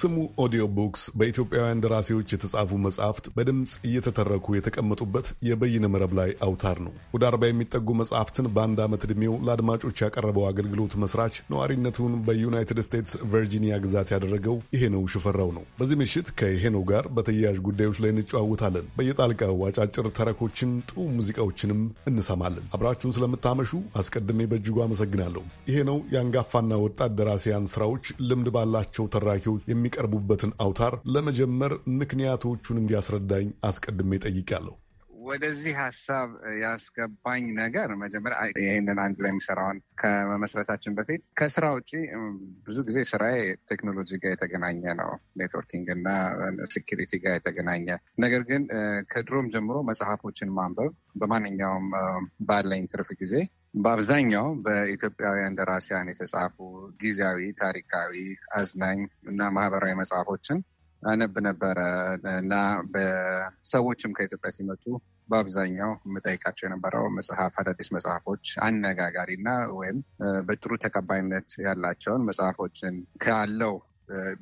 ስሙ ኦዲዮ ቡክስ በኢትዮጵያውያን ደራሲዎች የተጻፉ መጽሐፍት በድምፅ እየተተረኩ የተቀመጡበት የበይነ መረብ ላይ አውታር ነው። ወደ አርባ የሚጠጉ መጽሐፍትን በአንድ ዓመት ዕድሜው ለአድማጮች ያቀረበው አገልግሎት መስራች ነዋሪነቱን በዩናይትድ ስቴትስ ቨርጂኒያ ግዛት ያደረገው ይሄነው ሽፈራው ነው። በዚህ ምሽት ከይሄነው ጋር በተያያዥ ጉዳዮች ላይ እንጨዋወታለን። በየጣልቃው አጫጭር ተረኮችን፣ ጥሩ ሙዚቃዎችንም እንሰማለን። አብራችሁን ስለምታመሹ አስቀድሜ በእጅጉ አመሰግናለሁ። ይሄነው የአንጋፋና ወጣት ደራሲያን ስራዎች ልምድ ባላቸው ተራኪዎች የሚቀርቡበትን አውታር ለመጀመር ምክንያቶቹን እንዲያስረዳኝ አስቀድሜ ጠይቄያለሁ። ወደዚህ ሀሳብ ያስገባኝ ነገር መጀመሪያ ይህንን አንድ ላይ የሚሰራውን ከመመስረታችን በፊት ከስራ ውጭ ብዙ ጊዜ ስራዬ ቴክኖሎጂ ጋር የተገናኘ ነው፣ ኔትወርኪንግ እና ሴኪሪቲ ጋር የተገናኘ ነገር ግን ከድሮም ጀምሮ መጽሐፎችን ማንበብ በማንኛውም ባለኝ ትርፍ ጊዜ በአብዛኛው በኢትዮጵያውያን ደራሲያን የተጻፉ ጊዜያዊ፣ ታሪካዊ፣ አዝናኝ እና ማህበራዊ መጽሐፎችን አነብ ነበረ እና በሰዎችም ከኢትዮጵያ ሲመጡ በአብዛኛው የምጠይቃቸው የነበረው መጽሐፍ አዳዲስ መጽሐፎች አነጋጋሪ እና ወይም በጥሩ ተቀባይነት ያላቸውን መጽሐፎችን ካለው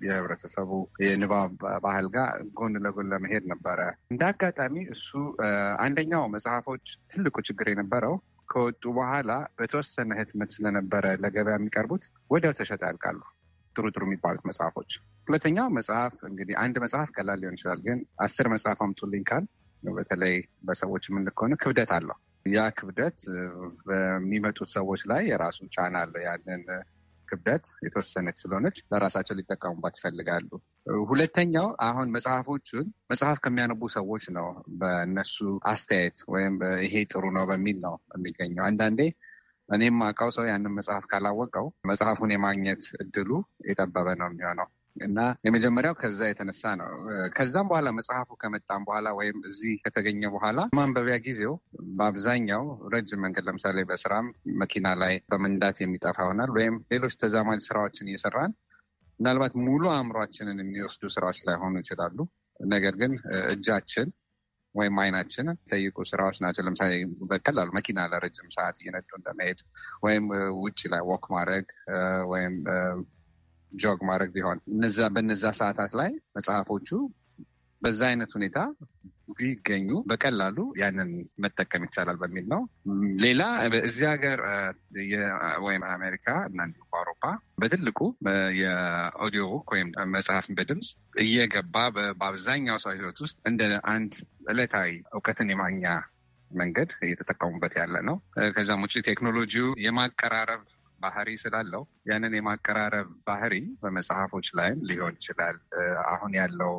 የህብረተሰቡ የንባብ ባህል ጋር ጎን ለጎን ለመሄድ ነበረ። እንደ አጋጣሚ እሱ አንደኛው መጽሐፎች ትልቁ ችግር የነበረው ከወጡ በኋላ በተወሰነ ህትመት ስለነበረ ለገበያ የሚቀርቡት ወዲያው ተሸጠ ያልቃሉ። ጥሩ ጥሩ የሚባሉት መጽሐፎች። ሁለተኛው መጽሐፍ እንግዲህ አንድ መጽሐፍ ቀላል ሊሆን ይችላል፣ ግን አስር መጽሐፍ አምጡልኝ ካል በተለይ በሰዎች የምንልክ ክብደት አለው። ያ ክብደት በሚመጡት ሰዎች ላይ የራሱ ጫና አለው። ያንን ክብደት የተወሰነች ስለሆነች ለራሳቸው ሊጠቀሙባት ይፈልጋሉ። ሁለተኛው አሁን መጽሐፎቹን መጽሐፍ ከሚያነቡ ሰዎች ነው። በእነሱ አስተያየት ወይም ይሄ ጥሩ ነው በሚል ነው የሚገኘው። አንዳንዴ እኔም አውቀው ሰው ያንን መጽሐፍ ካላወቀው መጽሐፉን የማግኘት እድሉ የጠበበ ነው የሚሆነው። እና የመጀመሪያው ከዛ የተነሳ ነው። ከዛም በኋላ መጽሐፉ ከመጣም በኋላ ወይም እዚህ ከተገኘ በኋላ ማንበቢያ ጊዜው በአብዛኛው ረጅም መንገድ ለምሳሌ በስራም መኪና ላይ በመንዳት የሚጠፋ ይሆናል ወይም ሌሎች ተዛማጅ ስራዎችን እየሰራን ምናልባት ሙሉ አእምሯችንን የሚወስዱ ስራዎች ላይሆኑ ይችላሉ። ነገር ግን እጃችን ወይም አይናችን ጠይቁ ስራዎች ናቸው። ለምሳሌ በቀላሉ መኪና ለረጅም ሰዓት እየነዱ እንደመሄድ ወይም ውጭ ላይ ወክ ማድረግ ወይም ጆግ ማድረግ ቢሆን በነዛ ሰዓታት ላይ መጽሐፎቹ በዛ አይነት ሁኔታ ቢገኙ በቀላሉ ያንን መጠቀም ይቻላል በሚል ነው። ሌላ እዚህ ሀገር ወይም አሜሪካ እና አውሮፓ በትልቁ የኦዲዮ ቡክ ወይም መጽሐፍን በድምፅ እየገባ በአብዛኛው ሰው ሕይወት ውስጥ እንደ አንድ ዕለታዊ እውቀትን የማግኛ መንገድ እየተጠቀሙበት ያለ ነው። ከዛም ውጭ ቴክኖሎጂው የማቀራረብ ባህሪ ስላለው ያንን የማቀራረብ ባህሪ በመጽሐፎች ላይም ሊሆን ይችላል። አሁን ያለው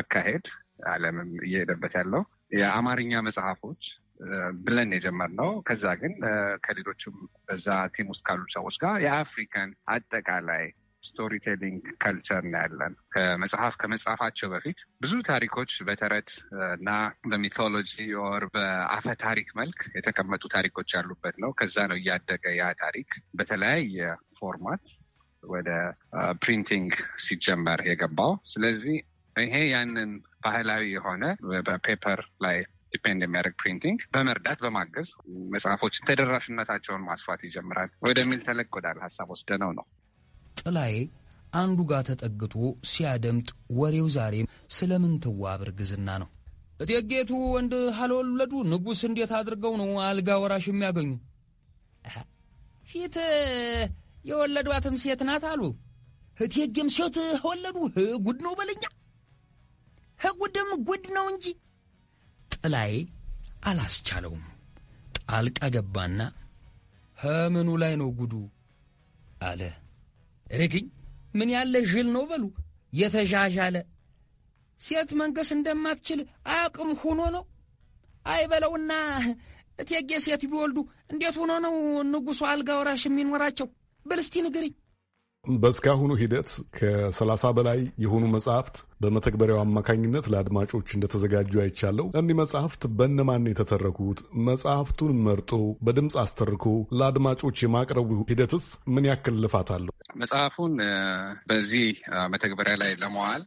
አካሄድ ዓለምም እየሄደበት ያለው የአማርኛ መጽሐፎች ብለን የጀመርነው ከዛ ግን ከሌሎችም በዛ ቲም ውስጥ ካሉ ሰዎች ጋር የአፍሪካን አጠቃላይ ስቶሪ ቴሊንግ ካልቸር እናያለን። ከመጽሐፍ ከመጻፋቸው በፊት ብዙ ታሪኮች በተረት እና በሚቶሎጂ ኦር በአፈ ታሪክ መልክ የተቀመጡ ታሪኮች ያሉበት ነው። ከዛ ነው እያደገ ያ ታሪክ በተለያየ ፎርማት ወደ ፕሪንቲንግ ሲጀመር የገባው። ስለዚህ ይሄ ያንን ባህላዊ የሆነ በፔፐር ላይ ዲፔንድ የሚያደርግ ፕሪንቲንግ በመርዳት በማገዝ መጽሐፎችን ተደራሽነታቸውን ማስፋት ይጀምራል ወደሚል ተለቅ ወዳለ ሀሳብ ወስደ ነው ነው ጥላዬ አንዱ ጋር ተጠግቶ ሲያደምጥ ወሬው ዛሬም ስለ ምንትዋብ እርግዝና ነው። እቴጌቱ ወንድ አልወለዱ ንጉሥ እንዴት አድርገው ነው አልጋ ወራሽ የሚያገኙ? ፊት የወለዷትም ሴት ናት አሉ። እቴጌም ሴት ወለዱ። ጉድ ነው በለኛ። ጉድም ጉድ ነው እንጂ። ጥላዬ አላስቻለውም። ጣልቃ ገባና ምኑ ላይ ነው ጉዱ አለ። እርግኝ ምን ያለ ዥል ነው በሉ የተዣዣለ ሴት መንገስ እንደማትችል አቅም ሆኖ ነው። አይበለውና እቴጌ ሴት ቢወልዱ እንዴት ሆኖ ነው ንጉሡ አልጋ ወራሽ የሚኖራቸው? በልስቲ ንግርኝ በእስካሁኑ ሂደት ከሰላሳ በላይ የሆኑ መጽሐፍት በመተግበሪያው አማካኝነት ለአድማጮች እንደተዘጋጁ አይቻለሁ። እኒህ መጽሐፍት በእነማን የተተረኩት? መጽሐፍቱን መርጦ በድምፅ አስተርኮ ለአድማጮች የማቅረቡ ሂደትስ ምን ያክል ልፋት አለው? መጽሐፉን በዚህ መተግበሪያ ላይ ለመዋል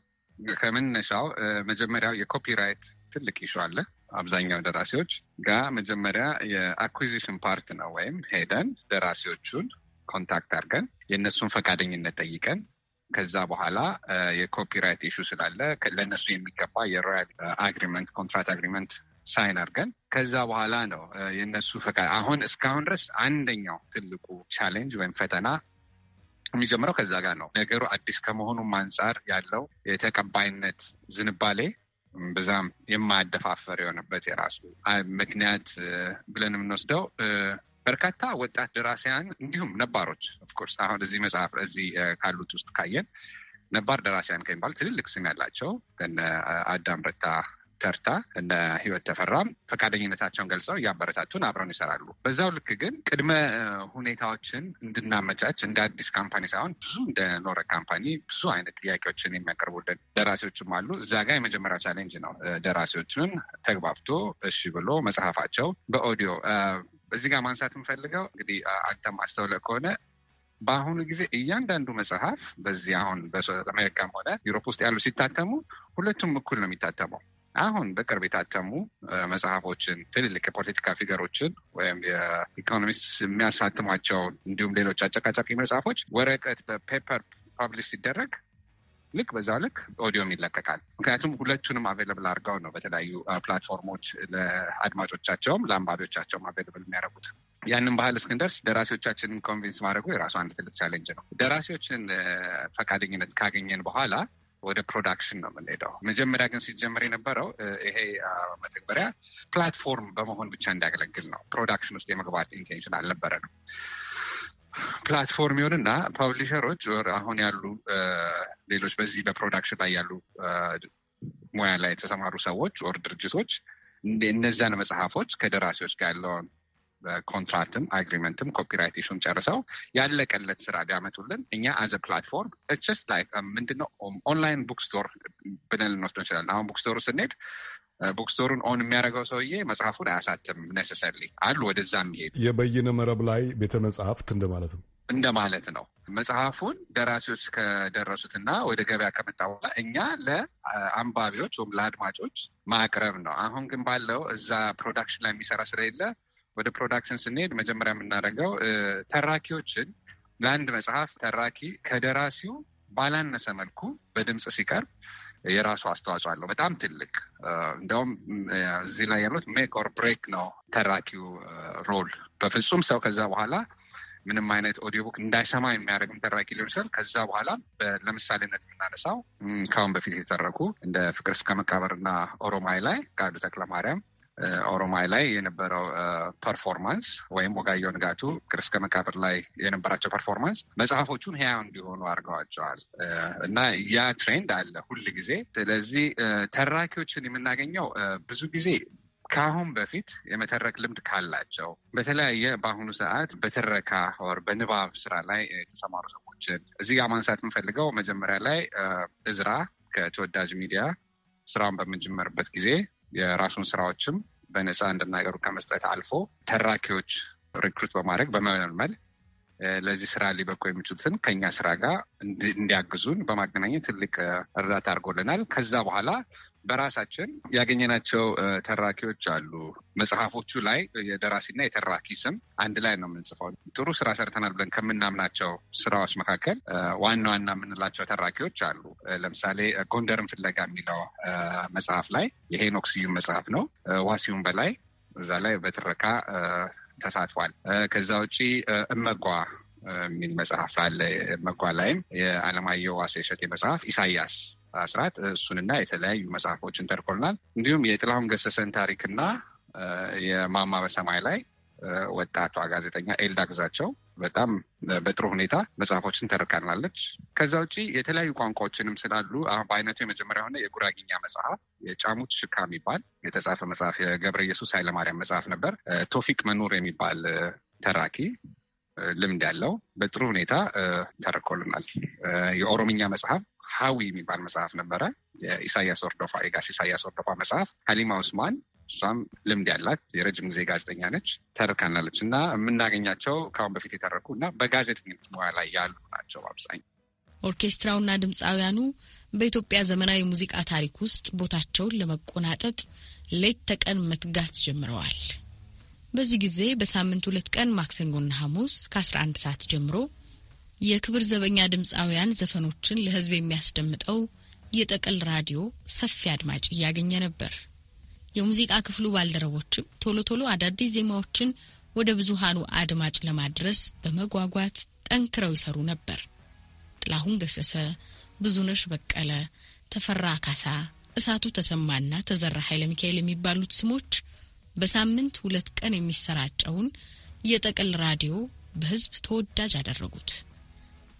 ከመነሻው መጀመሪያው የኮፒራይት ትልቅ ይሹ አለ። አብዛኛው ደራሲዎች ጋ መጀመሪያ የአኩዚሽን ፓርት ነው ወይም ሄደን ደራሲዎቹን ኮንታክት አድርገን የእነሱን ፈቃደኝነት ጠይቀን ከዛ በኋላ የኮፒራይት ኢሹ ስላለ ለእነሱ የሚገባ የሮያል አግሪመንት ኮንትራት አግሪመንት ሳይን አድርገን ከዛ በኋላ ነው የእነሱ ፈቃድ። አሁን እስካሁን ድረስ አንደኛው ትልቁ ቻሌንጅ ወይም ፈተና የሚጀምረው ከዛ ጋር ነው። ነገሩ አዲስ ከመሆኑም አንጻር ያለው የተቀባይነት ዝንባሌ በዛም የማያደፋፈር የሆነበት የራሱ ምክንያት ብለን የምንወስደው በርካታ ወጣት ደራሲያን እንዲሁም ነባሮች ኦፍኮርስ አሁን እዚህ መጽሐፍ እዚህ ካሉት ውስጥ ካየን ነባር ደራሲያን ከሚባሉ ትልልቅ ስም ያላቸው ከነ አዳም ረታ ተርታ እነ ህይወት ተፈራም ፈቃደኝነታቸውን ገልጸው እያበረታቱን አብረን ይሰራሉ። በዛው ልክ ግን ቅድመ ሁኔታዎችን እንድናመቻች እንደ አዲስ ካምፓኒ ሳይሆን ብዙ እንደ ኖረ ካምፓኒ ብዙ አይነት ጥያቄዎችን የሚያቀርቡ ደራሲዎችም አሉ። እዛ ጋር የመጀመሪያው ቻሌንጅ ነው ደራሲዎችን ተግባብቶ እሺ ብሎ መጽሐፋቸው በኦዲዮ እዚህ ጋር ማንሳት የምፈልገው እንግዲህ አንተም አስተውለ ከሆነ በአሁኑ ጊዜ እያንዳንዱ መጽሐፍ በዚህ አሁን በአሜሪካም ሆነ ዩሮፕ ውስጥ ያሉ ሲታተሙ ሁለቱም እኩል ነው የሚታተመው። አሁን በቅርብ የታተሙ መጽሐፎችን ትልልቅ የፖለቲካ ፊገሮችን ወይም የኢኮኖሚስት የሚያሳትሟቸው እንዲሁም ሌሎች አጨቃጫቂ መጽሐፎች ወረቀት በፔፐር ፐብሊሽ ሲደረግ ልክ በዛ ልክ ኦዲዮም ይለቀቃል። ምክንያቱም ሁለቱንም አቬለብል አድርገው ነው በተለያዩ ፕላትፎርሞች ለአድማጮቻቸውም ለአንባቢዎቻቸውም አቬለብል የሚያደርጉት። ያንን ባህል እስክንደርስ ደራሲዎቻችንን ኮንቪንስ ማድረጉ የራሱ አንድ ትልቅ ቻሌንጅ ነው። ደራሲዎችን ፈቃደኝነት ካገኘን በኋላ ወደ ፕሮዳክሽን ነው የምንሄደው። መጀመሪያ ግን ሲጀመር የነበረው ይሄ መተግበሪያ ፕላትፎርም በመሆን ብቻ እንዲያገለግል ነው። ፕሮዳክሽን ውስጥ የመግባት ኢንቴንሽን አልነበረ ነው። ፕላትፎርም ይሆንና ፐብሊሸሮች አሁን ያሉ ሌሎች በዚህ በፕሮዳክሽን ላይ ያሉ ሙያ ላይ የተሰማሩ ሰዎች ወር ድርጅቶች እነዚያን መጽሐፎች ከደራሲዎች ጋር ያለውን ኮንትራክትም አግሪመንትም ኮፒራይቴሽን ጨርሰው ያለቀለት ስራ ቢያመጡልን እኛ አዘ ፕላትፎርም ስ ላይ ምንድነው ኦንላይን ቡክስቶር ብለን ልንወስዶ እንችላለን። አሁን ቡክስቶሩ ስንሄድ ቡክስቶሩን ኦን የሚያደርገው ሰውዬ መጽሐፉን አያሳትም ኔሰሰርሊ አሉ። ወደዛ የሚሄድ የበይነ መረብ ላይ ቤተ መጽሐፍት እንደማለት ነው እንደማለት ነው። መጽሐፉን ደራሲዎች ከደረሱትና ወደ ገበያ ከመጣ በኋላ እኛ ለአንባቢዎች ወይም ለአድማጮች ማቅረብ ነው። አሁን ግን ባለው እዛ ፕሮዳክሽን ላይ የሚሰራ ስለሌለ ወደ ፕሮዳክሽን ስንሄድ መጀመሪያ የምናደርገው ተራኪዎችን ለአንድ መጽሐፍ ተራኪ ከደራሲው ባላነሰ መልኩ በድምፅ ሲቀርብ የራሱ አስተዋጽኦ አለው። በጣም ትልቅ እንደውም እዚህ ላይ ያሉት ሜክ ኦር ብሬክ ነው ተራኪው ሮል። በፍጹም ሰው ከዛ በኋላ ምንም አይነት ኦዲዮ ቡክ እንዳይሰማ የሚያደርግም ተራኪ ሊሆን ይችላል። ከዛ በኋላ ለምሳሌነት የምናነሳው ከአሁን በፊት የተረኩ እንደ ፍቅር እስከ መቃብርና ኦሮማይ ላይ ጋዱ ተክለማርያም ኦሮማይ ላይ የነበረው ፐርፎርማንስ ወይም ወጋየሁ ንጋቱ እስከ መቃብር ላይ የነበራቸው ፐርፎርማንስ መጽሐፎቹን ህያው እንዲሆኑ አድርገዋቸዋል እና ያ ትሬንድ አለ ሁል ጊዜ። ስለዚህ ተራኪዎችን የምናገኘው ብዙ ጊዜ ከአሁን በፊት የመተረክ ልምድ ካላቸው በተለያየ በአሁኑ ሰዓት በትረካ ወር በንባብ ስራ ላይ የተሰማሩ ሰዎችን እዚህ ጋር ማንሳት የምፈልገው መጀመሪያ ላይ እዝራ ከተወዳጅ ሚዲያ ስራውን በምንጀመርበት ጊዜ የራሱን ስራዎችም በነፃ እንድናገሩ ከመስጠት አልፎ ተራኪዎች ሪክሩት በማድረግ በመመልመል ለዚህ ስራ ሊበቁ የሚችሉትን ከኛ ስራ ጋር እንዲያግዙን በማገናኘት ትልቅ እርዳታ አድርጎልናል። ከዛ በኋላ በራሳችን ያገኘናቸው ተራኪዎች አሉ። መጽሐፎቹ ላይ የደራሲና የተራኪ ስም አንድ ላይ ነው የምንጽፈው። ጥሩ ስራ ሰርተናል ብለን ከምናምናቸው ስራዎች መካከል ዋና ዋና የምንላቸው ተራኪዎች አሉ። ለምሳሌ ጎንደርን ፍለጋ የሚለው መጽሐፍ ላይ የሄኖክ ስዩም መጽሐፍ ነው። ዋሲሁም በላይ እዛ ላይ በትረካ ተሳትፏል። ከዛ ውጪ እመጓ የሚል መጽሐፍ አለ። እመጓ ላይም የአለማየሁ ዋሴ እሸቴ መጽሐፍ ኢሳያስ አስራት እሱንና የተለያዩ መጽሐፎችን ተርኮልናል። እንዲሁም የጥላሁን ገሰሰን ታሪክና የማማ በሰማይ ላይ ወጣቷ ጋዜጠኛ ኤልዳ ግዛቸው በጣም በጥሩ ሁኔታ መጽሐፎችን ተርካናለች። ከዛ ውጭ የተለያዩ ቋንቋዎችንም ስላሉ አሁን በአይነቱ የመጀመሪያ የሆነ የጉራጊኛ መጽሐፍ የጫሙት ሽካ የሚባል የተጻፈ መጽሐፍ የገብረ ኢየሱስ ኃይለማርያም መጽሐፍ ነበር። ቶፊቅ መኖር የሚባል ተራኪ ልምድ ያለው በጥሩ ሁኔታ ተርኮልናል። የኦሮምኛ መጽሐፍ ሀዊ የሚባል መጽሐፍ ነበረ። የኢሳያስ ወርዶፋ የጋሽ ኢሳያስ ወርዶፋ መጽሐፍ ሀሊማ ኡስማን እሷም ልምድ ያላት የረጅም ጊዜ ጋዜጠኛ ነች፣ ተርካናለች እና የምናገኛቸው ከአሁን በፊት የተረኩ እና በጋዜጠኝነት ሙያ ላይ ያሉ ናቸው አብዛኛው። ኦርኬስትራውና ድምፃውያኑ በኢትዮጵያ ዘመናዊ ሙዚቃ ታሪክ ውስጥ ቦታቸውን ለመቆናጠጥ ሌት ተቀን መትጋት ጀምረዋል። በዚህ ጊዜ በሳምንት ሁለት ቀን ማክሰኞና ሐሙስ ከ11 ሰዓት ጀምሮ የክብር ዘበኛ ድምፃውያን ዘፈኖችን ለሕዝብ የሚያስደምጠው የጠቀል ራዲዮ ሰፊ አድማጭ እያገኘ ነበር። የሙዚቃ ክፍሉ ባልደረቦችም ቶሎ ቶሎ አዳዲስ ዜማዎችን ወደ ብዙሃኑ አድማጭ ለማድረስ በመጓጓት ጠንክረው ይሰሩ ነበር። ጥላሁን ገሰሰ፣ ብዙነሽ በቀለ፣ ተፈራ ካሳ፣ እሳቱ ተሰማና ተዘራ ኃይለ ሚካኤል የሚባሉት ስሞች በሳምንት ሁለት ቀን የሚሰራጨውን የጠቅል ራዲዮ በህዝብ ተወዳጅ አደረጉት።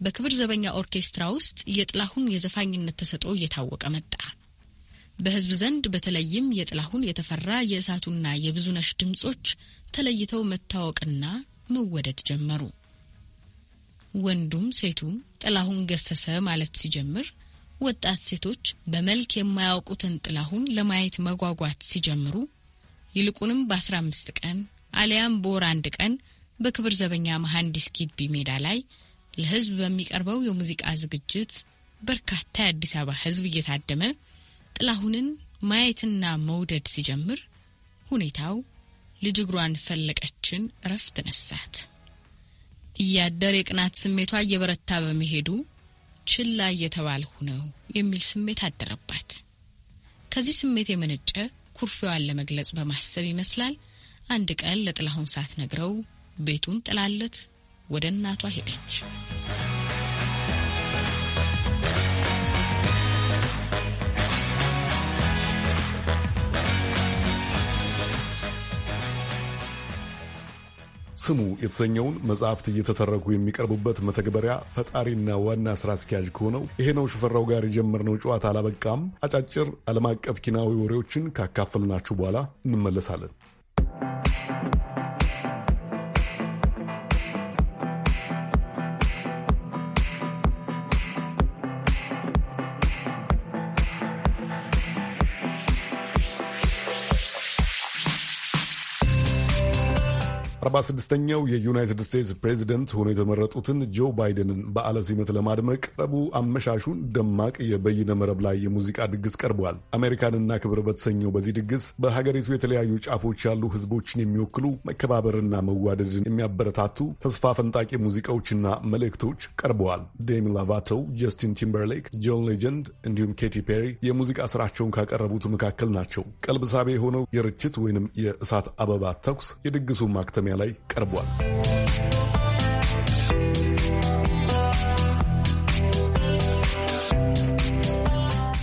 በክብር ዘበኛ ኦርኬስትራ ውስጥ የጥላሁን የዘፋኝነት ተሰጥኦ እየታወቀ መጣ። በህዝብ ዘንድ በተለይም የጥላሁን የተፈራ የእሳቱና የብዙነሽ ድምጾች ተለይተው መታወቅና መወደድ ጀመሩ። ወንዱም ሴቱም ጥላሁን ገሰሰ ማለት ሲጀምር ወጣት ሴቶች በመልክ የማያውቁትን ጥላሁን ለማየት መጓጓት ሲጀምሩ ይልቁንም በአስራ አምስት ቀን አሊያም በወር አንድ ቀን በክብር ዘበኛ መሐንዲስ ግቢ ሜዳ ላይ ለህዝብ በሚቀርበው የሙዚቃ ዝግጅት በርካታ የአዲስ አበባ ህዝብ እየታደመ ጥላሁንን ማየትና መውደድ ሲጀምር ሁኔታው ልጅ እግሯን ፈለቀችን እረፍት ነሳት። እያደር የቅናት ስሜቷ እየበረታ በመሄዱ ችላ እየተባልሁ ነው የሚል ስሜት አደረባት። ከዚህ ስሜት የመነጨ ኩርፌዋን ለመግለጽ በማሰብ ይመስላል አንድ ቀን ለጥላሁን ነግረው ቤቱን ጥላለት ወደ እናቷ ሄደች። ስሙ የተሰኘውን መጽሐፍት እየተተረኩ የሚቀርቡበት መተግበሪያ ፈጣሪና ዋና ስራ አስኪያጅ ከሆነው ይሄ ነው ሽፈራው ጋር የጀመርነው ጨዋታ አላበቃም። አጫጭር ዓለም አቀፍ ኪናዊ ወሬዎችን ካካፈልናችሁ በኋላ እንመለሳለን። 46ኛው የዩናይትድ ስቴትስ ፕሬዚደንት ሆኖ የተመረጡትን ጆ ባይደንን በዓለ ሲመት ለማድመቅ ረቡዕ አመሻሹን ደማቅ የበይነ መረብ ላይ የሙዚቃ ድግስ ቀርቧል። አሜሪካንና ክብር በተሰኘው በዚህ ድግስ በሀገሪቱ የተለያዩ ጫፎች ያሉ ሕዝቦችን የሚወክሉ መከባበርና መዋደድን የሚያበረታቱ ተስፋ ፈንጣቂ ሙዚቃዎችና መልእክቶች ቀርበዋል። ዴሚ ላቫቶ፣ ጀስቲን ቲምበርሌክ፣ ጆን ሌጀንድ እንዲሁም ኬቲ ፔሪ የሙዚቃ ስራቸውን ካቀረቡት መካከል ናቸው። ቀልብ ሳቢ የሆነው የርችት ወይንም የእሳት አበባ ተኩስ የድግሱ ማክተሚያ ማስፈጸሚያ ላይ ቀርቧል።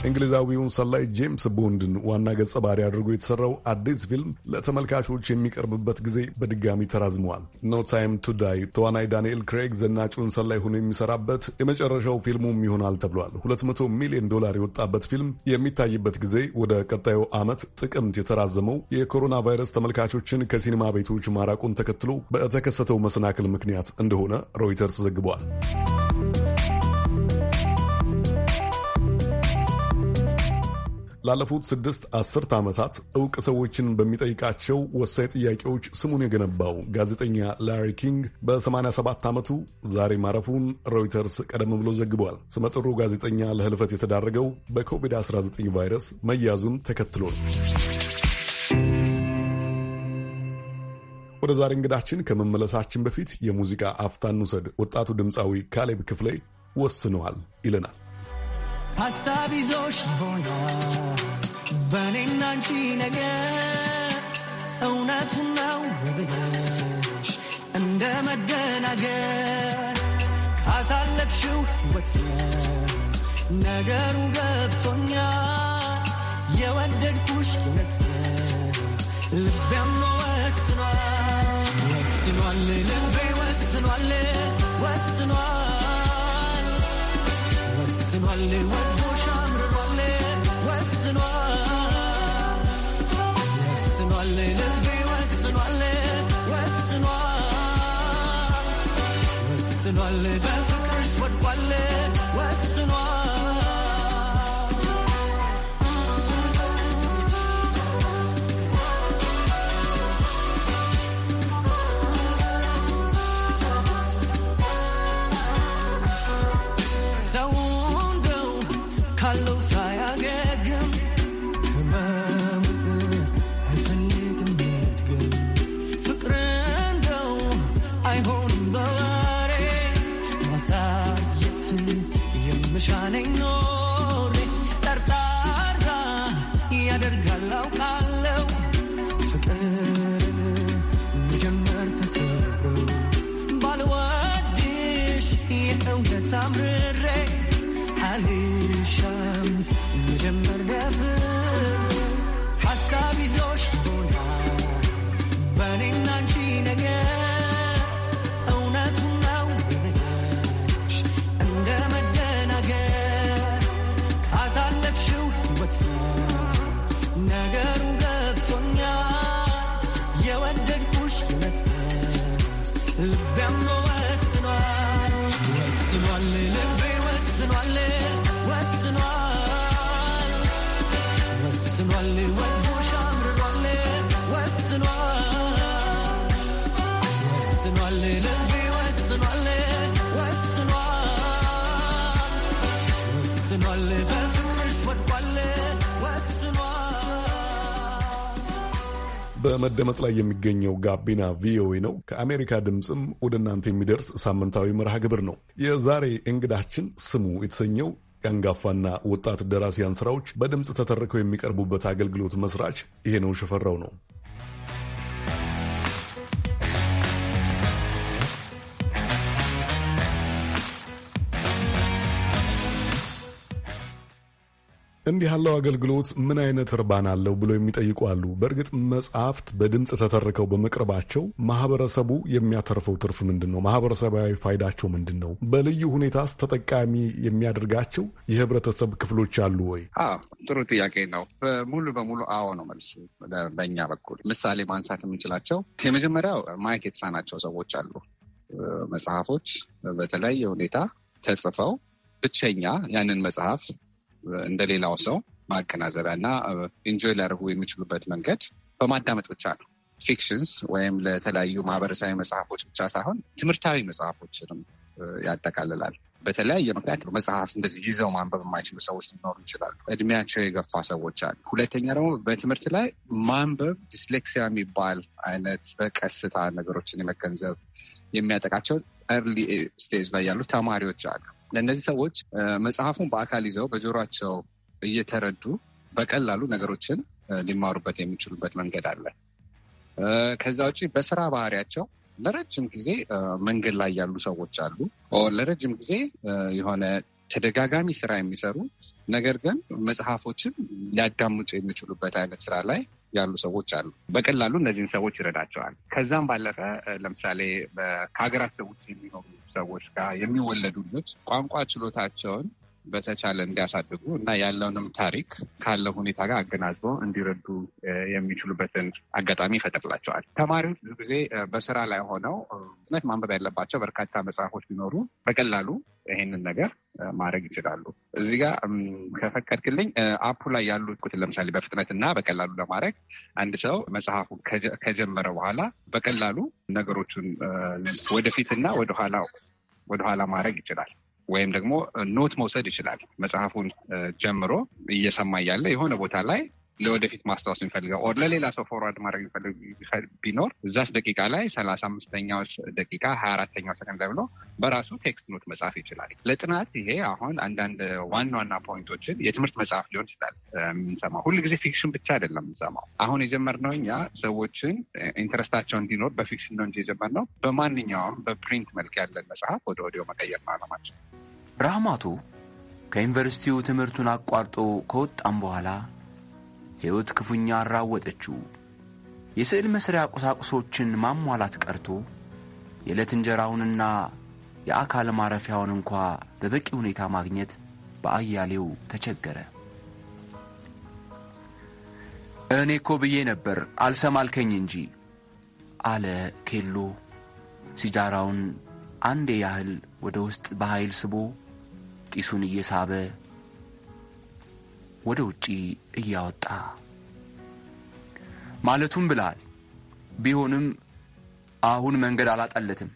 እንግሊዛዊውን ሰላይ ጄምስ ቦንድን ዋና ገጸ ባህሪ አድርጎ የተሰራው አዲስ ፊልም ለተመልካቾች የሚቀርብበት ጊዜ በድጋሚ ተራዝመዋል። ኖ ታይም ቱ ዳይ ተዋናይ ዳንኤል ክሬግ ዘናጩን ሰላይ ሆኖ የሚሰራበት የመጨረሻው ፊልሙም ይሆናል ተብሏል። 200 ሚሊዮን ዶላር የወጣበት ፊልም የሚታይበት ጊዜ ወደ ቀጣዩ ዓመት ጥቅምት የተራዘመው የኮሮና ቫይረስ ተመልካቾችን ከሲኒማ ቤቶች ማራቁን ተከትሎ በተከሰተው መሰናክል ምክንያት እንደሆነ ሮይተርስ ዘግቧል። ላለፉት ስድስት አስርት ዓመታት እውቅ ሰዎችን በሚጠይቃቸው ወሳኝ ጥያቄዎች ስሙን የገነባው ጋዜጠኛ ላሪ ኪንግ በ87 ዓመቱ ዛሬ ማረፉን ሮይተርስ ቀደም ብሎ ዘግቧል። ስመጥሩ ጋዜጠኛ ለህልፈት የተዳረገው በኮቪድ-19 ቫይረስ መያዙን ተከትሎ ነው። ወደ ዛሬ እንግዳችን ከመመለሳችን በፊት የሙዚቃ አፍታን ውሰድ። ወጣቱ ድምፃዊ ካሌብ ክፍሌ ወስነዋል ይለናል። ሀሳብ ይዞሽ ሆና በእኔና አንቺ ነገር እውነቱን ነው ብለሽ እንደ መደናገር ካሳለፍሽው ሕይወት ነገሩ ገብቶኛል። የወደድኩሽ እውነት ልቤም ወስኗል ወስኗል ልቤ ወስኗል ወስኗል ወስኗል ወድቋል ወስኗል በመደመጥ ላይ የሚገኘው ጋቢና ቪኦኤ ነው። ከአሜሪካ ድምፅም ወደ እናንተ የሚደርስ ሳምንታዊ መርሃ ግብር ነው። የዛሬ እንግዳችን ስሙ የተሰኘው የአንጋፋና ወጣት ደራሲያን ስራዎች በድምፅ ተተርከው የሚቀርቡበት አገልግሎት መስራች ይሄ ነው ሽፈራው ነው። እንዲህ ያለው አገልግሎት ምን አይነት እርባና አለው ብሎ የሚጠይቁ አሉ። በእርግጥ መጽሐፍት በድምፅ ተተርከው በመቅረባቸው ማህበረሰቡ የሚያተርፈው ትርፍ ምንድን ነው? ማህበረሰባዊ ፋይዳቸው ምንድን ነው? በልዩ ሁኔታስ ተጠቃሚ የሚያደርጋቸው የህብረተሰብ ክፍሎች አሉ ወይ? ጥሩ ጥያቄ ነው። ሙሉ በሙሉ አዎ ነው መልሱ። በእኛ በኩል ምሳሌ ማንሳት የምንችላቸው የመጀመሪያው ማየት የተሳናቸው ሰዎች አሉ። መጽሐፎች በተለያየ ሁኔታ ተጽፈው ብቸኛ ያንን መጽሐፍ እንደሌላው ሰው ማቀናዘቢያ እና ኢንጆይ ሊያደርጉ የሚችሉበት መንገድ በማዳመጥ ብቻ ነው። ፊክሽንስ ወይም ለተለያዩ ማህበረሰባዊ መጽሐፎች ብቻ ሳይሆን ትምህርታዊ መጽሐፎችንም ያጠቃልላል። በተለያየ ምክንያት መጽሐፍ እንደዚህ ይዘው ማንበብ የማይችሉ ሰዎች ሊኖሩ ይችላሉ። እድሜያቸው የገፋ ሰዎች አሉ። ሁለተኛ ደግሞ በትምህርት ላይ ማንበብ ዲስሌክሲያ የሚባል አይነት በቀስታ ነገሮችን የመገንዘብ የሚያጠቃቸው ኤርሊ ስቴጅ ላይ ያሉ ተማሪዎች አሉ። ለእነዚህ ሰዎች መጽሐፉን በአካል ይዘው በጆሯቸው እየተረዱ በቀላሉ ነገሮችን ሊማሩበት የሚችሉበት መንገድ አለ። ከዛ ውጭ በስራ ባህሪያቸው ለረጅም ጊዜ መንገድ ላይ ያሉ ሰዎች አሉ። ለረጅም ጊዜ የሆነ ተደጋጋሚ ስራ የሚሰሩ ነገር ግን መጽሐፎችን ሊያዳምጡ የሚችሉበት አይነት ስራ ላይ ያሉ ሰዎች አሉ። በቀላሉ እነዚህን ሰዎች ይረዳቸዋል። ከዛም ባለፈ ለምሳሌ ከሀገራቸው ውጭ የሚኖሩ ሰዎች ጋር የሚወለዱ ልጆች ቋንቋ ችሎታቸውን በተቻለ እንዲያሳድጉ እና ያለውንም ታሪክ ካለው ሁኔታ ጋር አገናዝበው እንዲረዱ የሚችሉበትን አጋጣሚ ይፈጥርላቸዋል። ተማሪዎች ብዙ ጊዜ በስራ ላይ ሆነው ፍጥነት ማንበብ ያለባቸው በርካታ መጽሐፎች ቢኖሩ በቀላሉ ይሄንን ነገር ማድረግ ይችላሉ። እዚህ ጋር ከፈቀድክልኝ አፑ ላይ ያሉት ለምሳሌ በፍጥነት እና በቀላሉ ለማድረግ አንድ ሰው መጽሐፉ ከጀመረ በኋላ በቀላሉ ነገሮቹን ወደፊትና ወደኋላ ወደኋላ ማድረግ ይችላል። ወይም ደግሞ ኖት መውሰድ ይችላል። መጽሐፉን ጀምሮ እየሰማ ያለ የሆነ ቦታ ላይ ለወደፊት ማስታወስ የሚፈልገው ኦር ለሌላ ሰው ፎርዋርድ ማድረግ የሚፈልግ ቢኖር እዛስ ደቂቃ ላይ ሰላሳ አምስተኛው ደቂቃ ሀያ አራተኛው ሰከንድ ላይ ብሎ በራሱ ቴክስት ኖት መጻፍ ይችላል። ለጥናት ይሄ አሁን አንዳንድ ዋና ዋና ፖይንቶችን የትምህርት መጽሐፍ ሊሆን ይችላል የምንሰማው። ሁልጊዜ ፊክሽን ብቻ አይደለም የምንሰማው። አሁን የጀመርነው እኛ ሰዎችን ኢንትረስታቸው እንዲኖር በፊክሽን ነው እንጂ የጀመርነው በማንኛውም በፕሪንት መልክ ያለን መጽሐፍ ወደ ኦዲዮ መቀየር ነው አላማቸው። ራህማቱ ከዩኒቨርሲቲው ትምህርቱን አቋርጦ ከወጣም በኋላ ሕይወት ክፉኛ አራወጠችው። የስዕል መሥሪያ ቁሳቁሶችን ማሟላት ቀርቶ የዕለት እንጀራውንና የአካል ማረፊያውን እንኳ በበቂ ሁኔታ ማግኘት በአያሌው ተቸገረ። እኔ እኮ ብዬ ነበር አልሰማልከኝ እንጂ አለ ኬሎ ሲጃራውን አንዴ ያህል ወደ ውስጥ በኃይል ስቦ ጢሱን እየሳበ ወደ ውጪ እያወጣ ማለቱም ብላል ቢሆንም አሁን መንገድ አላጣለትም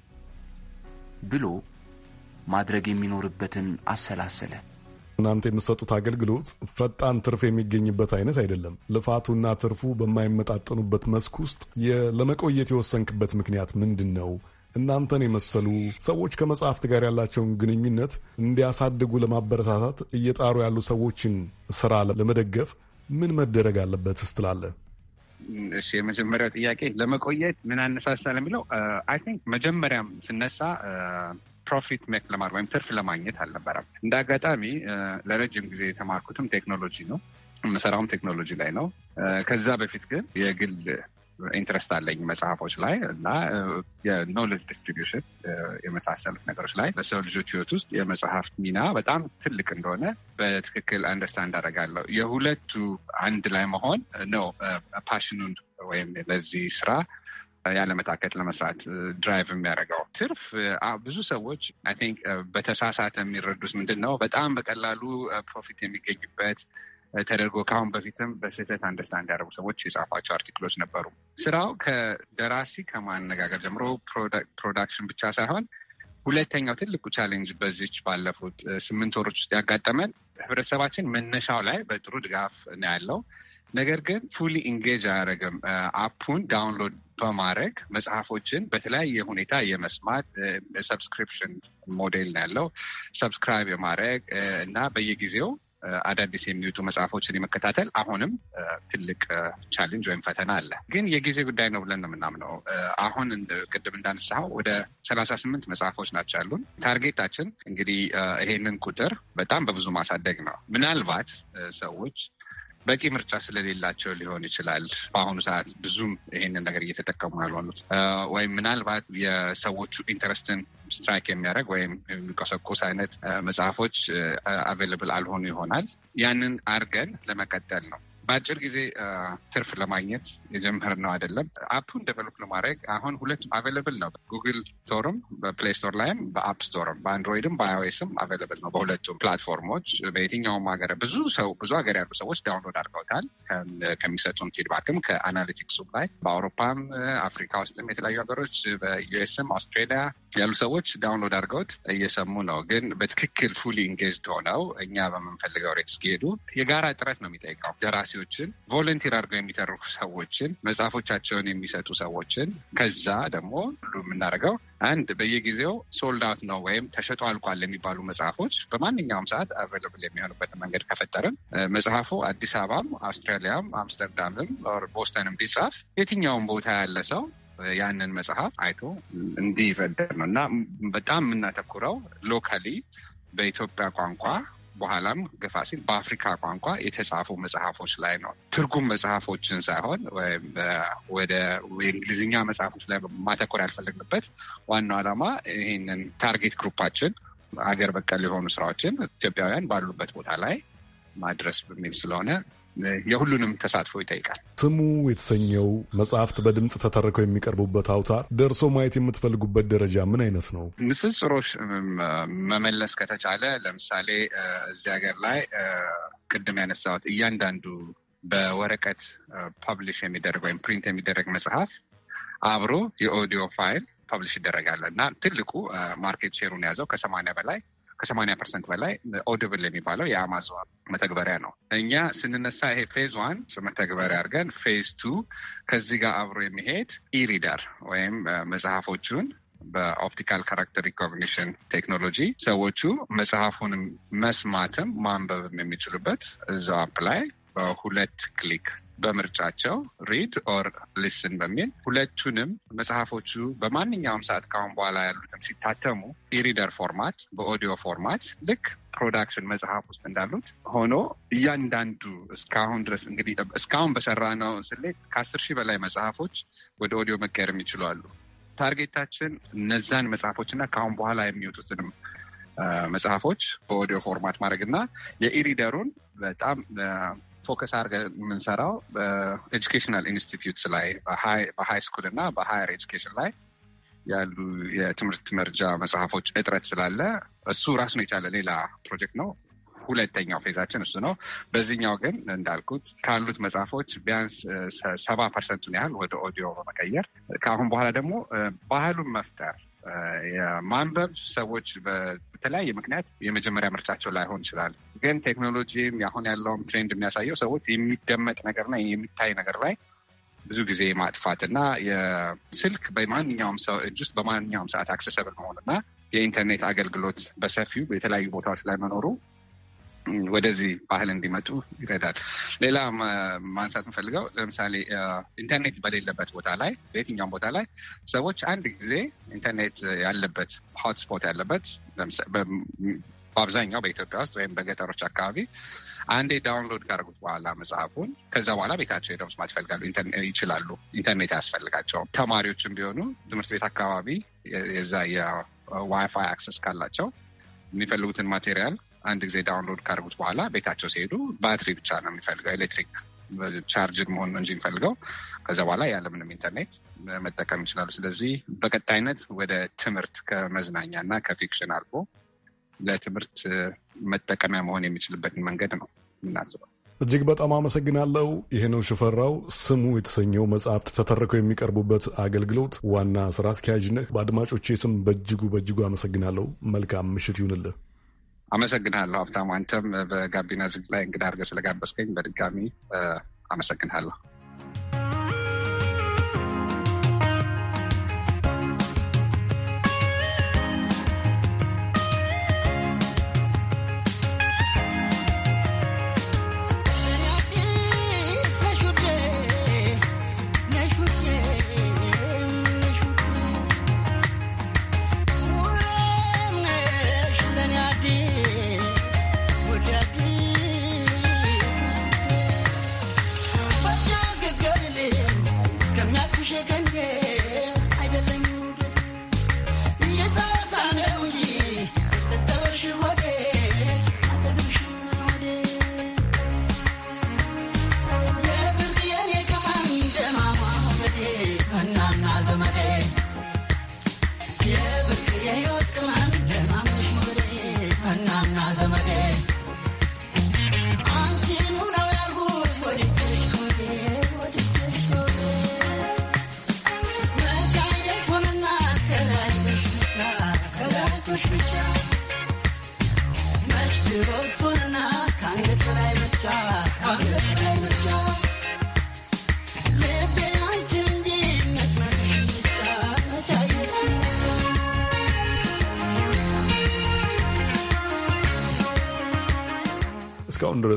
ብሎ ማድረግ የሚኖርበትን አሰላሰለ። እናንተ የምትሰጡት አገልግሎት ፈጣን ትርፍ የሚገኝበት አይነት አይደለም። ልፋቱና ትርፉ በማይመጣጠኑበት መስክ ውስጥ ለመቆየት የወሰንክበት ምክንያት ምንድን ነው? እናንተን የመሰሉ ሰዎች ከመጽሐፍት ጋር ያላቸውን ግንኙነት እንዲያሳድጉ ለማበረታታት እየጣሩ ያሉ ሰዎችን ስራ ለመደገፍ ምን መደረግ አለበት ስትላለ? እሺ፣ የመጀመሪያው ጥያቄ ለመቆየት ምን አነሳሳ ለሚለው አይ ቲንክ መጀመሪያም ስነሳ ፕሮፊት ሜክ ለማድረግ ወይም ትርፍ ለማግኘት አልነበረም። እንደ አጋጣሚ ለረጅም ጊዜ የተማርኩትም ቴክኖሎጂ ነው፣ መሰራውም ቴክኖሎጂ ላይ ነው። ከዛ በፊት ግን የግል ኢንትረስት አለኝ መጽሐፎች ላይ እና የኖሌጅ ዲስትሪቢሽን የመሳሰሉት ነገሮች ላይ በሰው ልጆች ህይወት ውስጥ የመጽሐፍት ሚና በጣም ትልቅ እንደሆነ በትክክል አንደርስታንድ አደርጋለሁ። የሁለቱ አንድ ላይ መሆን ነው ፓሽኑን ወይም ለዚህ ስራ ያለመታከት ለመስራት ድራይቭ የሚያደርገው ትርፍ። ብዙ ሰዎች አይ ቲንክ በተሳሳተ የሚረዱት ምንድን ነው በጣም በቀላሉ ፕሮፊት የሚገኝበት ተደርጎ ከአሁን በፊትም በስህተት አንደርስታንድ ያደረጉ ሰዎች የጻፏቸው አርቲክሎች ነበሩ። ስራው ከደራሲ ከማነጋገር ጀምሮ ፕሮዳክሽን ብቻ ሳይሆን ሁለተኛው ትልቁ ቻሌንጅ በዚች ባለፉት ስምንት ወሮች ውስጥ ያጋጠመን ህብረተሰባችን መነሻው ላይ በጥሩ ድጋፍ ነው ያለው። ነገር ግን ፉሊ ኢንጌጅ አያደረግም። አፑን ዳውንሎድ በማድረግ መጽሐፎችን በተለያየ ሁኔታ የመስማት ሰብስክሪፕሽን ሞዴል ነው ያለው። ሰብስክራይብ የማድረግ እና በየጊዜው አዳዲስ የሚወጡ መጽሐፎችን የመከታተል አሁንም ትልቅ ቻሌንጅ ወይም ፈተና አለ። ግን የጊዜ ጉዳይ ነው ብለን ነው የምናምነው። አሁን ቅድም እንዳነሳው ወደ ሰላሳ ስምንት መጽሐፎች ናቸው ያሉን። ታርጌታችን እንግዲህ ይሄንን ቁጥር በጣም በብዙ ማሳደግ ነው። ምናልባት ሰዎች በቂ ምርጫ ስለሌላቸው ሊሆን ይችላል። በአሁኑ ሰዓት ብዙም ይሄንን ነገር እየተጠቀሙ ያልሆኑት ወይም ምናልባት የሰዎቹ ኢንተረስትን ስትራይክ የሚያደርግ ወይም የሚቆሰቁስ አይነት መጽሐፎች አቬለብል አልሆኑ ይሆናል። ያንን አድርገን ለመቀጠል ነው በአጭር ጊዜ ትርፍ ለማግኘት የጀመርነው አይደለም። አፑን ደቨሎፕ ለማድረግ አሁን ሁለት አቬለብል ነው፣ ጉግል ስቶርም በፕሌይ ስቶር ላይም በአፕ ስቶርም በአንድሮይድም በአይኦኤስም አቬለብል ነው። በሁለቱም ፕላትፎርሞች በየትኛውም ሀገር ብዙ ሰው ብዙ ሀገር ያሉ ሰዎች ዳውንሎድ አድርገውታል። ከሚሰጡን ፊድባክም ከአናሊቲክሱም ላይ በአውሮፓም አፍሪካ ውስጥም የተለያዩ ሀገሮች በዩኤስም አውስትሬሊያ ያሉ ሰዎች ዳውንሎድ አድርገውት እየሰሙ ነው። ግን በትክክል ፉሊ ኢንጌጅድ ሆነው እኛ በምንፈልገው ሬት እስኪሄዱ የጋራ ጥረት ነው የሚጠይቀው። ደራሲዎችን፣ ቮለንቲር አድርገው የሚተርኩ ሰዎችን፣ መጽሐፎቻቸውን የሚሰጡ ሰዎችን ከዛ ደግሞ ሁሉ የምናደርገው አንድ በየጊዜው ሶልድ አውት ነው ወይም ተሸጦ አልቋል የሚባሉ መጽሐፎች በማንኛውም ሰዓት አቬለብል የሚሆኑበት መንገድ ከፈጠርን መጽሐፉ አዲስ አበባም፣ አውስትራሊያም፣ አምስተርዳምም ቦስተንም ቢጻፍ የትኛውም ቦታ ያለ ሰው ያንን መጽሐፍ አይቶ እንዲዘደር ነው እና በጣም የምናተኩረው ሎካሊ በኢትዮጵያ ቋንቋ በኋላም ገፋ ሲል በአፍሪካ ቋንቋ የተጻፉ መጽሐፎች ላይ ነው። ትርጉም መጽሐፎችን ሳይሆን ወይም ወደ እንግሊዝኛ መጽሐፎች ላይ ማተኮር ያልፈለግንበት ዋናው ዓላማ ይህንን ታርጌት ግሩፓችን አገር በቀል የሆኑ ስራዎችን ኢትዮጵያውያን ባሉበት ቦታ ላይ ማድረስ በሚል ስለሆነ የሁሉንም ተሳትፎ ይጠይቃል። ስሙ የተሰኘው መጽሐፍት በድምፅ ተተርከው የሚቀርቡበት አውታር ደርሶ ማየት የምትፈልጉበት ደረጃ ምን አይነት ነው? ንጽጽሮች መመለስ ከተቻለ ለምሳሌ እዚህ ሀገር ላይ ቅድም ያነሳሁት እያንዳንዱ በወረቀት ፐብሊሽ የሚደረግ ወይም ፕሪንት የሚደረግ መጽሐፍ አብሮ የኦዲዮ ፋይል ፐብሊሽ ይደረጋል እና ትልቁ ማርኬት ሼሩን ያዘው ከሰማንያ በላይ ከሰማኒያ ፐርሰንት በላይ ኦድብል የሚባለው የአማዞን መተግበሪያ ነው። እኛ ስንነሳ ይሄ ፌዝ ዋን መተግበሪያ አድርገን ፌዝ ቱ ከዚህ ጋር አብሮ የሚሄድ ኢሪደር ወይም መጽሐፎቹን በኦፕቲካል ካራክተር ሪኮግኒሽን ቴክኖሎጂ ሰዎቹ መጽሐፉን መስማትም ማንበብም የሚችሉበት እዛው አፕ ላይ በሁለት ክሊክ በምርጫቸው ሪድ ኦር ሊስን በሚል ሁለቱንም መጽሐፎቹ በማንኛውም ሰዓት ካሁን በኋላ ያሉትን ሲታተሙ ኢሪደር ፎርማት በኦዲዮ ፎርማት ልክ ፕሮዳክሽን መጽሐፍ ውስጥ እንዳሉት ሆኖ እያንዳንዱ እስካሁን ድረስ እንግዲህ እስካሁን ነው ስሌት ከአስር ሺህ በላይ መጽሐፎች ወደ ኦዲዮ መቀየርም አሉ። ታርጌታችን እነዛን መጽሐፎች እና ከአሁን በኋላ የሚወጡትንም መጽሐፎች በኦዲዮ ፎርማት ማድረግ እና የኢሪደሩን በጣም ፎከስ አድርገን የምንሰራው በኤጁኬሽናል ኢንስቲትዩትስ ላይ በሃይ ስኩል እና በሃየር ኤጁኬሽን ላይ ያሉ የትምህርት መርጃ መጽሐፎች እጥረት ስላለ እሱ ራሱን የቻለ ሌላ ፕሮጀክት ነው። ሁለተኛው ፌዛችን እሱ ነው። በዚህኛው ግን እንዳልኩት ካሉት መጽሐፎች ቢያንስ ሰባ ፐርሰንቱን ያህል ወደ ኦዲዮ በመቀየር ከአሁን በኋላ ደግሞ ባህሉን መፍጠር የማንበብ ሰዎች በተለያየ ምክንያት የመጀመሪያ ምርጫቸው ላይሆን ይችላል። ግን ቴክኖሎጂም አሁን ያለውም ትሬንድ የሚያሳየው ሰዎች የሚደመጥ ነገርና የሚታይ ነገር ላይ ብዙ ጊዜ ማጥፋት እና የስልክ በማንኛውም ሰው እጅ ውስጥ በማንኛውም ሰዓት አክሰሰብል መሆን እና የኢንተርኔት አገልግሎት በሰፊው የተለያዩ ቦታዎች ላይ መኖሩ ወደዚህ ባህል እንዲመጡ ይረዳል። ሌላ ማንሳት የምፈልገው ለምሳሌ ኢንተርኔት በሌለበት ቦታ ላይ በየትኛውም ቦታ ላይ ሰዎች አንድ ጊዜ ኢንተርኔት ያለበት ሆትስፖት ያለበት በአብዛኛው በኢትዮጵያ ውስጥ ወይም በገጠሮች አካባቢ አንዴ ዳውንሎድ ካደረጉት በኋላ መጽሐፉን ከዛ በኋላ ቤታቸው ሄደው መስማት ይፈልጋሉ ይችላሉ። ኢንተርኔት አያስፈልጋቸውም። ተማሪዎችም ቢሆኑ ትምህርት ቤት አካባቢ የዛ የዋይፋይ አክሰስ ካላቸው የሚፈልጉትን ማቴሪያል አንድ ጊዜ ዳውንሎድ ካርጉት በኋላ ቤታቸው ሲሄዱ ባትሪ ብቻ ነው የሚፈልገው ኤሌክትሪክ ቻርጅድ መሆን ነው እንጂ የሚፈልገው ከዛ በኋላ ያለምንም ኢንተርኔት መጠቀም ይችላሉ። ስለዚህ በቀጣይነት ወደ ትምህርት ከመዝናኛ እና ከፊክሽን አልፎ ለትምህርት መጠቀሚያ መሆን የሚችልበትን መንገድ ነው የምናስበው። እጅግ በጣም አመሰግናለሁ። ነው ሽፈራው ስሙ የተሰኘው መጽሐፍት ተተርከው የሚቀርቡበት አገልግሎት ዋና ስራ አስኪያጅ ነህ። በአድማጮቼ ስም በእጅጉ በእጅጉ አመሰግናለሁ። መልካም ምሽት ይሁንልህ። አመሰግናለሁ ሀብታሙ። አንተም በጋቢና ዝግ ላይ እንግዳ አድርገህ ስለጋበዝከኝ በድጋሚ አመሰግናለሁ።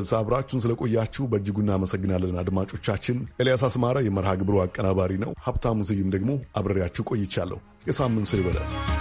ድረስ አብራችሁን ስለቆያችሁ በእጅጉ እናመሰግናለን አድማጮቻችን። ኤልያስ አስማራ የመርሃ ግብሩ አቀናባሪ ነው። ሀብታሙ ስዩም ደግሞ አብረሪያችሁ ቆይቻለሁ። የሳምንት ሰው ይበላል።